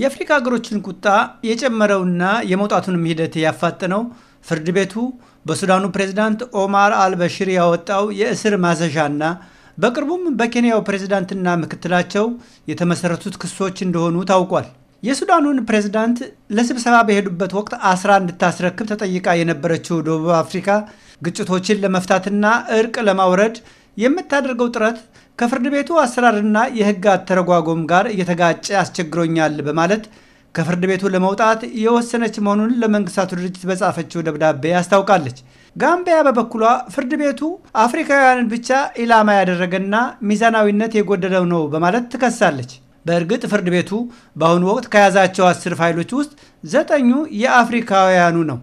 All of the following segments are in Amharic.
የአፍሪካ ሀገሮችን ቁጣ የጨመረውና የመውጣቱንም ሂደት ያፋጠነው ፍርድ ቤቱ በሱዳኑ ፕሬዝዳንት ኦማር አልበሽር ያወጣው የእስር ማዘዣና በቅርቡም በኬንያው ፕሬዝዳንትና ምክትላቸው የተመሰረቱት ክሶች እንደሆኑ ታውቋል። የሱዳኑን ፕሬዝዳንት ለስብሰባ በሄዱበት ወቅት አስራ እንድታስረክብ ተጠይቃ የነበረችው ደቡብ አፍሪካ ግጭቶችን ለመፍታትና እርቅ ለማውረድ የምታደርገው ጥረት ከፍርድ ቤቱ አሰራርና የህግ አተረጓጎም ጋር እየተጋጨ አስቸግሮኛል በማለት ከፍርድ ቤቱ ለመውጣት የወሰነች መሆኑን ለመንግስታቱ ድርጅት በጻፈችው ደብዳቤ አስታውቃለች። ጋምቢያ በበኩሏ ፍርድ ቤቱ አፍሪካውያንን ብቻ ኢላማ ያደረገና ሚዛናዊነት የጎደለው ነው በማለት ትከሳለች። በእርግጥ ፍርድ ቤቱ በአሁኑ ወቅት ከያዛቸው አስር ፋይሎች ውስጥ ዘጠኙ የአፍሪካውያኑ ነው።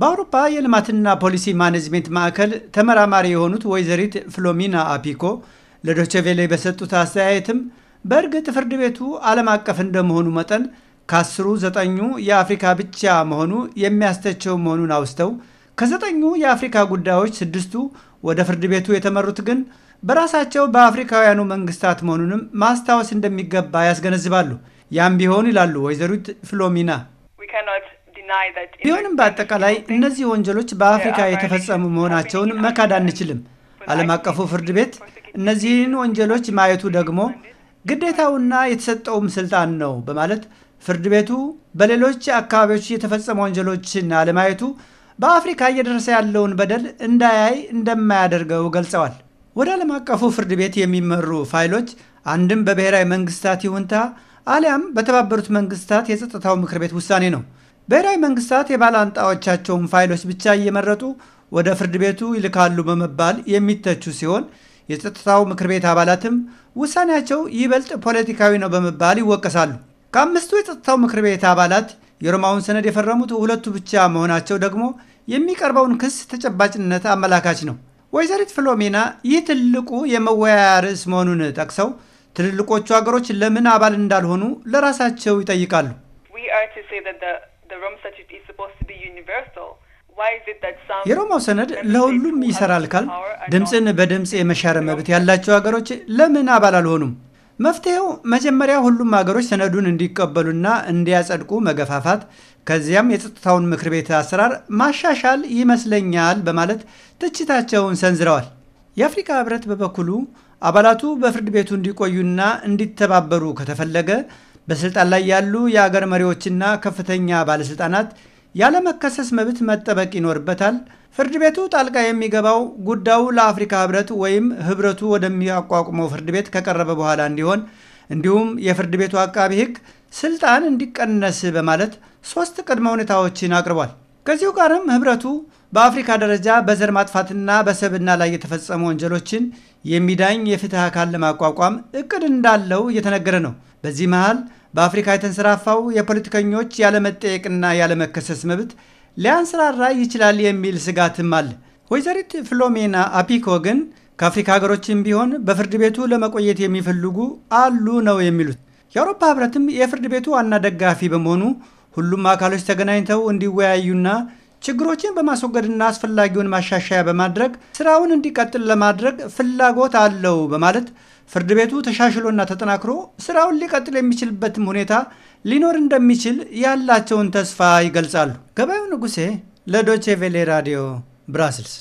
በአውሮፓ የልማትና ፖሊሲ ማኔጅሜንት ማዕከል ተመራማሪ የሆኑት ወይዘሪት ፍሎሚና አፒኮ ለዶቸቬሌ በሰጡት አስተያየትም በእርግጥ ፍርድ ቤቱ ዓለም አቀፍ እንደመሆኑ መጠን ከአስሩ ዘጠኙ የአፍሪካ ብቻ መሆኑ የሚያስተቸው መሆኑን አውስተው ከዘጠኙ የአፍሪካ ጉዳዮች ስድስቱ ወደ ፍርድ ቤቱ የተመሩት ግን በራሳቸው በአፍሪካውያኑ መንግስታት መሆኑንም ማስታወስ እንደሚገባ ያስገነዝባሉ። ያም ቢሆን ይላሉ ወይዘሪት ፍሎሚና ቢሆንም በአጠቃላይ እነዚህ ወንጀሎች በአፍሪካ የተፈጸሙ መሆናቸውን መካድ አንችልም። ዓለም አቀፉ ፍርድ ቤት እነዚህን ወንጀሎች ማየቱ ደግሞ ግዴታውና የተሰጠውም ስልጣን ነው በማለት ፍርድ ቤቱ በሌሎች አካባቢዎች የተፈጸሙ ወንጀሎችን አለማየቱ በአፍሪካ እየደረሰ ያለውን በደል እንዳያይ እንደማያደርገው ገልጸዋል። ወደ ዓለም አቀፉ ፍርድ ቤት የሚመሩ ፋይሎች አንድም በብሔራዊ መንግስታት ይሁንታ አሊያም በተባበሩት መንግስታት የጸጥታው ምክር ቤት ውሳኔ ነው። ብሔራዊ መንግስታት የባላንጣዎቻቸውን ፋይሎች ብቻ እየመረጡ ወደ ፍርድ ቤቱ ይልካሉ በመባል የሚተቹ ሲሆን የጸጥታው ምክር ቤት አባላትም ውሳኔያቸው ይበልጥ ፖለቲካዊ ነው በመባል ይወቀሳሉ። ከአምስቱ የጸጥታው ምክር ቤት አባላት የሮማውን ሰነድ የፈረሙት ሁለቱ ብቻ መሆናቸው ደግሞ የሚቀርበውን ክስ ተጨባጭነት አመላካች ነው። ወይዘሪት ፍሎሜና ይህ ትልቁ የመወያያ ርዕስ መሆኑን ጠቅሰው ትልልቆቹ ሀገሮች ለምን አባል እንዳልሆኑ ለራሳቸው ይጠይቃሉ። የሮማው ሰነድ ለሁሉም ይሰራል ካል ድምፅን በድምፅ የመሻር መብት ያላቸው ሀገሮች ለምን አባል አልሆኑም? መፍትሄው መጀመሪያ ሁሉም ሀገሮች ሰነዱን እንዲቀበሉና እንዲያጸድቁ መገፋፋት፣ ከዚያም የጸጥታውን ምክር ቤት አሰራር ማሻሻል ይመስለኛል በማለት ትችታቸውን ሰንዝረዋል። የአፍሪካ ህብረት በበኩሉ አባላቱ በፍርድ ቤቱ እንዲቆዩና እንዲተባበሩ ከተፈለገ በስልጣን ላይ ያሉ የአገር መሪዎችና ከፍተኛ ባለሥልጣናት ያለመከሰስ መብት መጠበቅ ይኖርበታል። ፍርድ ቤቱ ጣልቃ የሚገባው ጉዳዩ ለአፍሪካ ህብረት ወይም ህብረቱ ወደሚያቋቁመው ፍርድ ቤት ከቀረበ በኋላ እንዲሆን እንዲሁም የፍርድ ቤቱ አቃቢ ህግ ስልጣን እንዲቀነስ በማለት ሶስት ቅድመ ሁኔታዎችን አቅርቧል። ከዚሁ ጋርም ህብረቱ በአፍሪካ ደረጃ በዘር ማጥፋትና በሰብና ላይ የተፈጸሙ ወንጀሎችን የሚዳኝ የፍትህ አካል ለማቋቋም እቅድ እንዳለው እየተነገረ ነው። በዚህ መሃል በአፍሪካ የተንሰራፋው የፖለቲከኞች ያለመጠየቅና ያለመከሰስ መብት ሊያንሰራራ ይችላል የሚል ስጋትም አለ። ወይዘሪት ፍሎሜና አፒኮ ግን ከአፍሪካ ሀገሮችም ቢሆን በፍርድ ቤቱ ለመቆየት የሚፈልጉ አሉ ነው የሚሉት። የአውሮፓ ህብረትም የፍርድ ቤቱ ዋና ደጋፊ በመሆኑ ሁሉም አካሎች ተገናኝተው እንዲወያዩና ችግሮችን በማስወገድና አስፈላጊውን ማሻሻያ በማድረግ ስራውን እንዲቀጥል ለማድረግ ፍላጎት አለው በማለት ፍርድ ቤቱ ተሻሽሎና ተጠናክሮ ስራውን ሊቀጥል የሚችልበትም ሁኔታ ሊኖር እንደሚችል ያላቸውን ተስፋ ይገልጻሉ። ገበያው ንጉሴ ለዶቼ ቬሌ ራዲዮ ብራስልስ